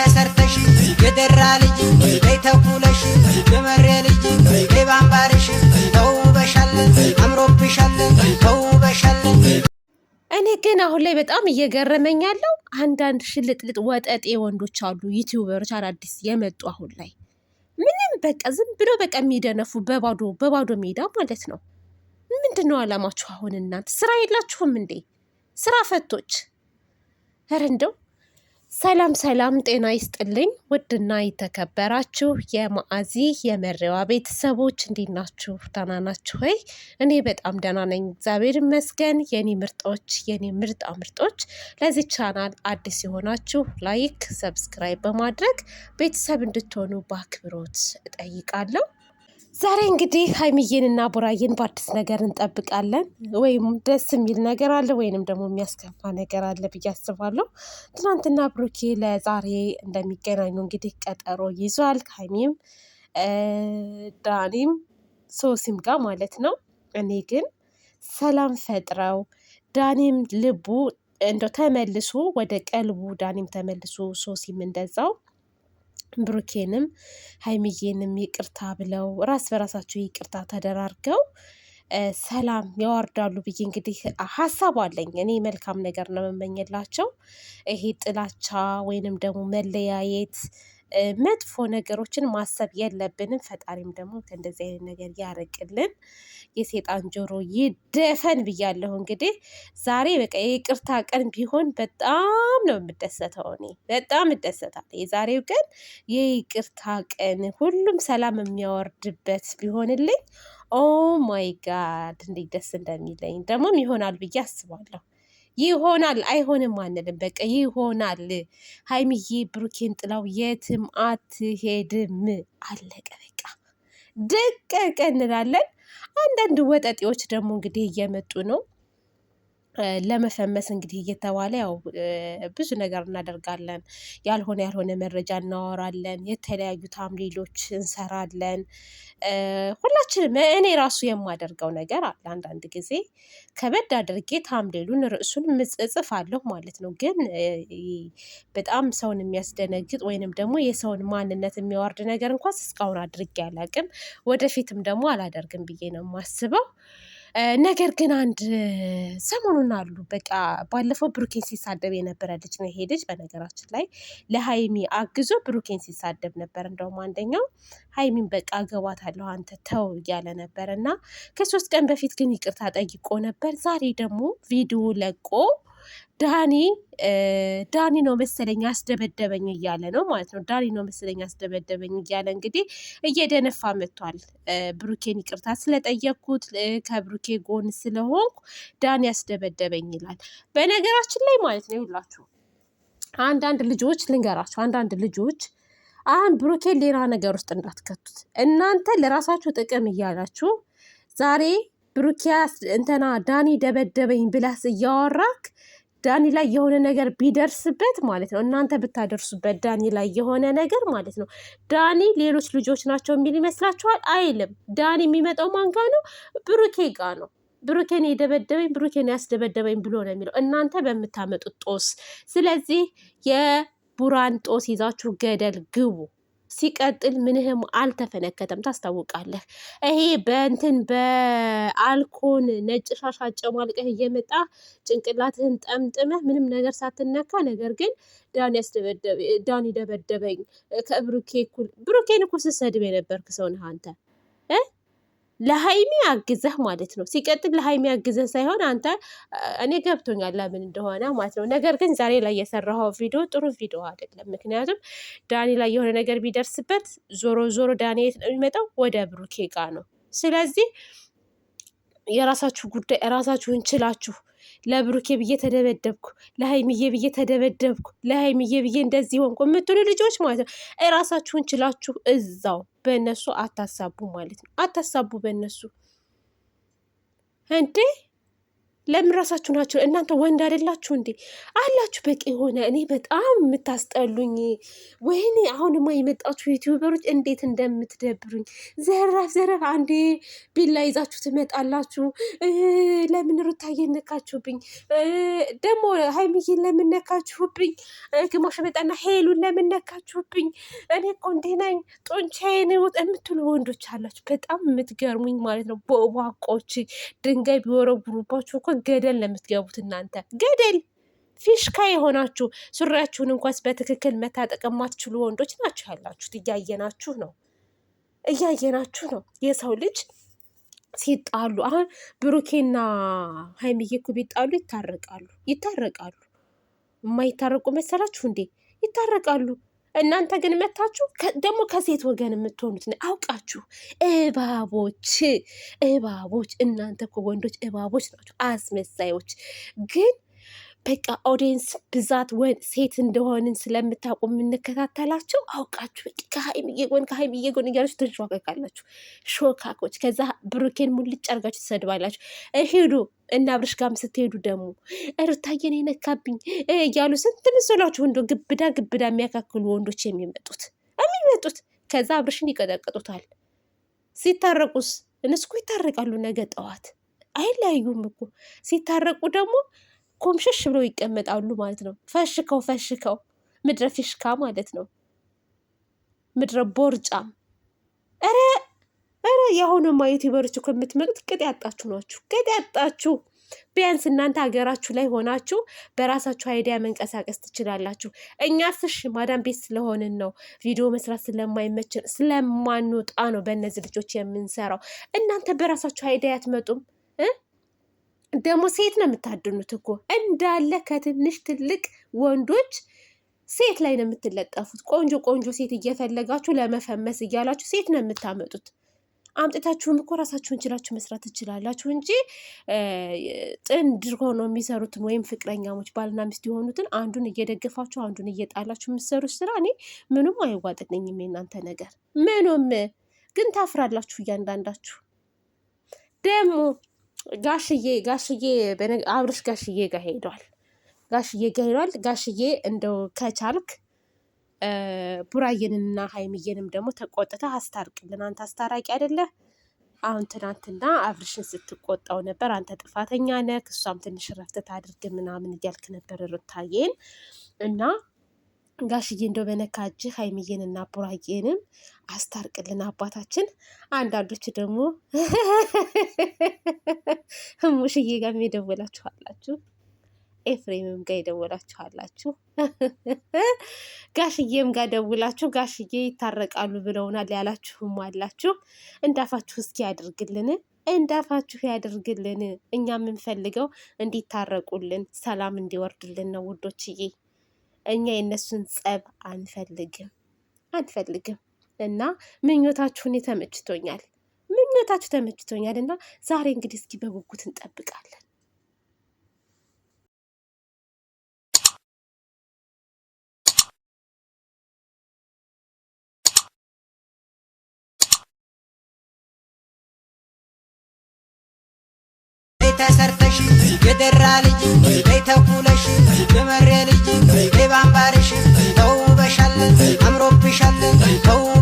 ተሰርተሽ የደራ ልጅ በይ ተኩለሽ የመሬ ልጅ በይ ባምባርሽ ተውበሻለን፣ አምሮብሻለን፣ ተውበሻለን። እኔ ግን አሁን ላይ በጣም እየገረመኝ ያለው አንዳንድ ሽልጥልጥ ወጠጤ ወንዶች አሉ፣ ዩቲዩበሮች አዳዲስ የመጡ አሁን ላይ ምንም በቃ ዝም ብሎ በቃ የሚደነፉ በባዶ በባዶ ሜዳ ማለት ነው። ምንድን ነው አላማችሁ? አሁን እናንተ ስራ የላችሁም እንዴ? ስራ ፈቶች። ኧረ እንደው ሰላም ሰላም፣ ጤና ይስጥልኝ ውድና የተከበራችሁ የማአዚ የመሪዋ ቤተሰቦች እንዴት ናችሁ? ደህና ናችሁ ወይ? እኔ በጣም ደህና ነኝ፣ እግዚአብሔር ይመስገን። የኔ ምርጦች፣ የኔ ምርጣ ምርጦች፣ ለዚህ ቻናል አዲስ የሆናችሁ ላይክ፣ ሰብስክራይብ በማድረግ ቤተሰብ እንድትሆኑ በአክብሮት እጠይቃለሁ። ዛሬ እንግዲህ ሀይሚዬንና ቡራዬን በአዲስ ነገር እንጠብቃለን። ወይም ደስ የሚል ነገር አለ ወይንም ደግሞ የሚያስከፋ ነገር አለ ብዬ አስባለሁ። ትናንትና ብሩኬ ለዛሬ እንደሚገናኙ እንግዲህ ቀጠሮ ይዟል። ሀይሚም ዳኒም ሶሲም ጋር ማለት ነው። እኔ ግን ሰላም ፈጥረው ዳኒም ልቡ እንደው ተመልሶ ወደ ቀልቡ ዳኒም ተመልሶ ሶሲም እንደዛው ብሩኬንም ሀይሚዬንም ይቅርታ ብለው ራስ በራሳቸው ይቅርታ ተደራርገው ሰላም ያወርዳሉ ብዬ እንግዲህ ሀሳብ አለኝ። እኔ መልካም ነገር ነው የምመኝላቸው። ይሄ ጥላቻ ወይንም ደግሞ መለያየት መጥፎ ነገሮችን ማሰብ የለብንም። ፈጣሪም ደግሞ ከእንደዚህ አይነት ነገር ያርቅልን፣ የሴጣን ጆሮ ይደፈን ብያለሁ። እንግዲህ ዛሬ በቃ የይቅርታ ቀን ቢሆን በጣም ነው የምደሰተው። እኔ በጣም እደሰታለሁ። የዛሬው ቀን የይቅርታ ቀን ሁሉም ሰላም የሚያወርድበት ቢሆንልኝ ኦ ማይ ጋድ እንዴት ደስ እንደሚለኝ ደግሞም ይሆናል ብዬ አስባለሁ። ይሆናል አይሆንም አንልም። በቃ ይሆናል። ሀይሚዬ ብሩኬን ጥላው የትም አትሄድም። አለቀ በቃ ደቀቀ እንላለን። አንዳንድ ወጠጤዎች ደግሞ እንግዲህ እየመጡ ነው። ለመፈመስ እንግዲህ እየተባለ ያው ብዙ ነገር እናደርጋለን። ያልሆነ ያልሆነ መረጃ እናወራለን የተለያዩ ታምሌሎች እንሰራለን። ሁላችንም እኔ ራሱ የማደርገው ነገር አለ አንዳንድ ጊዜ ከበድ አድርጌ ታምሌሉን ርዕሱን እጽፋለሁ ማለት ነው። ግን በጣም ሰውን የሚያስደነግጥ ወይንም ደግሞ የሰውን ማንነት የሚያወርድ ነገር እንኳን እስካሁን አድርጌ አላቅም። ወደፊትም ደግሞ አላደርግም ብዬ ነው የማስበው ነገር ግን አንድ ሰሞኑን አሉ በቃ ባለፈው ብሩኬን ሲሳደብ የነበረ ልጅ ነው ይሄ ልጅ። በነገራችን ላይ ለሀይሚ አግዞ ብሩኬን ሲሳደብ ነበር። እንደውም አንደኛው ሀይሚን በቃ አገባታለሁ አንተ ተው እያለ ነበር እና ከሶስት ቀን በፊት ግን ይቅርታ ጠይቆ ነበር። ዛሬ ደግሞ ቪዲዮ ለቆ ዳኒ ዳኒ ነው መሰለኝ አስደበደበኝ እያለ ነው ማለት ነው። ዳኒ ነው መሰለኝ አስደበደበኝ እያለ እንግዲህ እየደነፋ መጥቷል። ብሩኬን ይቅርታ ስለጠየኩት ከብሩኬ ጎን ስለሆንኩ ዳኒ አስደበደበኝ ይላል። በነገራችን ላይ ማለት ነው ይላችሁ አንዳንድ ልጆች ልንገራችሁ፣ አንዳንድ ልጆች አሁን ብሩኬን ሌላ ነገር ውስጥ እንዳትከቱት። እናንተ ለራሳችሁ ጥቅም እያላችሁ ዛሬ ብሩኪያስ እንትና ዳኒ ደበደበኝ ብላስ እያወራክ ዳኒ ላይ የሆነ ነገር ቢደርስበት ማለት ነው እናንተ ብታደርሱበት ዳኒ ላይ የሆነ ነገር ማለት ነው ዳኒ ሌሎች ልጆች ናቸው የሚል ይመስላችኋል? አይልም። ዳኒ የሚመጣው ማን ጋ ነው? ብሩኬ ጋ ነው። ብሩኬን የደበደበኝ ብሩኬን ያስደበደበኝ ብሎ ነው የሚለው እናንተ በምታመጡት ጦስ። ስለዚህ የቡራን ጦስ ይዛችሁ ገደል ግቡ። ሲቀጥል ምንህም አልተፈነከተም። ታስታውቃለህ። ይሄ በእንትን በአልኮን ነጭ ሻሽ አጨማልቀህ እየመጣ ጭንቅላትህን ጠምጥመህ ምንም ነገር ሳትነካ፣ ነገር ግን ዳኒ ያስደበደበ ዳኒ ደበደበኝ ከብሩኬ እኩል ብሩኬን እኩል ስትሰድብ የነበርክ ሰው ነህ አንተ። ለሀይሚ አግዘህ ማለት ነው። ሲቀጥል ለሀይሚ አግዘህ ሳይሆን አንተ እኔ ገብቶኛል ለምን እንደሆነ ማለት ነው። ነገር ግን ዛሬ ላይ የሰራኸው ቪዲዮ ጥሩ ቪዲዮ አይደለም። ምክንያቱም ዳኒ ላይ የሆነ ነገር ቢደርስበት ዞሮ ዞሮ ዳኒ የት ነው የሚመጣው? ወደ ብሩኬ ጋ ነው። ስለዚህ የራሳችሁ ጉዳይ ራሳችሁን ችላችሁ ለብሩኬ ብዬ ተደበደብኩ፣ ለሀይሚዬ ብዬ ተደበደብኩ፣ ለሀይሚዬ ብዬ እንደዚህ ሆንኩ የምትሉ ልጆች ማለት ነው እራሳችሁን ችላችሁ እዛው በእነሱ አታሳቡ ማለት ነው። አታሳቡ በእነሱ እንዴ ለምን ራሳችሁ ናችሁ? እናንተ ወንድ አይደላችሁ እንዴ? አላችሁ በቂ የሆነ እኔ በጣም የምታስጠሉኝ። ወይኔ አሁንማ የመጣችሁ ዩቲዩበሮች እንዴት እንደምትደብሩኝ። ዘረፍ ዘረፍ፣ አንዴ ቢላ ይዛችሁ ትመጣላችሁ። ለምን ሩታዬ ነካችሁብኝ? ደግሞ ሀይሚዬን ለምን ነካችሁብኝ? ግማሽ መጣና ሄሉን ለምን ነካችሁብኝ? እኔ ቆንዴ ነኝ ጡንቻዬን የምትሉ ወንዶች አላችሁ። በጣም የምትገርሙኝ ማለት ነው። በዋቆች ድንጋይ ቢወረውሩባችሁ እኮ ገደል ነው የምትገቡት እናንተ ገደል ፊሽካ የሆናችሁ ሱሪያችሁን እንኳስ በትክክል መታጠቅ ማትችሉ ወንዶች ናችሁ ያላችሁት። እያየናችሁ ነው፣ እያየናችሁ ነው። የሰው ልጅ ሲጣሉ አሁን ብሩኬና ሀይሚዬ እኮ ቢጣሉ ይታረቃሉ፣ ይታረቃሉ። የማይታረቁ መሰላችሁ እንዴ? ይታረቃሉ። እናንተ ግን መታችሁ ደግሞ ከሴት ወገን የምትሆኑት አውቃችሁ። እባቦች እባቦች፣ እናንተ እኮ ወንዶች እባቦች ናችሁ፣ አስመሳዮች ግን በቃ ኦዲየንስ ብዛት ወን ሴት እንደሆንን ስለምታውቁ የምንከታተላቸው አውቃችሁ ከሀይምዬ ጎን ከሀይምዬ ጎን እያላችሁ ትንሸዋቀቃላችሁ። ሾካኮች ከዛ ብሩኬን ሙልጭ አርጋችሁ ትሰድባላችሁ። ሄዱ እና አብርሽ ጋም ስትሄዱ ደግሞ ሩታዬን የነካብኝ እያሉ ስንት ምስላችሁ ወንዶ ግብዳ ግብዳ የሚያካክሉ ወንዶች የሚመጡት የሚመጡት ከዛ አብርሽን ይቀጠቅጡታል። ሲታረቁስ እነሱ እኮ ይታረቃሉ። ነገ ጠዋት አይለያዩም እኮ ሲታረቁ ደግሞ ኮምሽሽ ብለው ይቀመጣሉ ማለት ነው። ፈሽከው ፈሽከው ምድረ ፊሽካ ማለት ነው። ምድረ ቦርጫም ረ ረ የሆነ ዩቲዩበሮች እኮ የምትመጡት ቅጥ ያጣችሁ ናችሁ። ቅጥ ያጣችሁ ቢያንስ እናንተ ሀገራችሁ ላይ ሆናችሁ በራሳችሁ አይዲያ መንቀሳቀስ ትችላላችሁ። እኛ ስሽ ማዳም ቤት ስለሆንን ነው ቪዲዮ መስራት ስለማይመችን ስለማንወጣ ነው በእነዚህ ልጆች የምንሰራው። እናንተ በራሳችሁ አይዲያ አትመጡም። ደግሞ ሴት ነው የምታድኑት እኮ እንዳለ ከትንሽ ትልቅ ወንዶች ሴት ላይ ነው የምትለጠፉት። ቆንጆ ቆንጆ ሴት እየፈለጋችሁ ለመፈመስ እያላችሁ ሴት ነው የምታመጡት። አምጥታችሁም እኮ ራሳችሁን ችላችሁ መስራት ትችላላችሁ እንጂ ጥንድ ሆኖ የሚሰሩትን ወይም ፍቅረኛሞች ባልና ሚስት የሆኑትን አንዱን እየደገፋችሁ አንዱን እየጣላችሁ የምትሰሩት ስራ እኔ ምኑም አይዋጥልኝም። የእናንተ ነገር ምኑም ግን ታፍራላችሁ እያንዳንዳችሁ ደግሞ ጋሽዬ ጋሽዬ አብርሽ ጋሽዬ ጋር ሄዷል። ጋሽዬ ጋር ሄዷል። ጋሽዬ እንደው ከቻልክ ቡራዬንና ሀይምዬንም ደግሞ ተቆጥተህ አስታርቅልን። አንተ አስታራቂ አይደለህ? አሁን ትናንትና አብርሽን ስትቆጣው ነበር። አንተ ጥፋተኛ ነህ፣ እሷም ትንሽ ረፍተት አድርግ ምናምን እያልክ ነበር ሩታዬን እና ጋሽዬ እንደው በነካጅህ እና ቡራዬንም አስታርቅልን አባታችን። አንዳንዶች ደግሞ ሙሽዬ ጋር የደወላችኋላችሁ አላችሁ፣ ኤፍሬምም ጋር የደወላችሁ አላችሁ፣ ጋሽዬም ጋር ደውላችሁ ጋሽዬ ይታረቃሉ ብለውናል ያላችሁም አላችሁ። እንዳፋችሁ እስኪ ያድርግልን እንዳፋችሁ ያድርግልን። እኛ የምንፈልገው እንዲታረቁልን፣ ሰላም እንዲወርድልን ነው ውዶችዬ። እኛ የእነሱን ጸብ አንፈልግም አንፈልግም። እና ምኞታችሁ እኔ ተመችቶኛል፣ ምኞታችሁ ተመችቶኛል። እና ዛሬ እንግዲህ እስኪ በጉጉት እንጠብቃለን። ተሰርተሽ የደራ ልጅ ተኩለሽ kau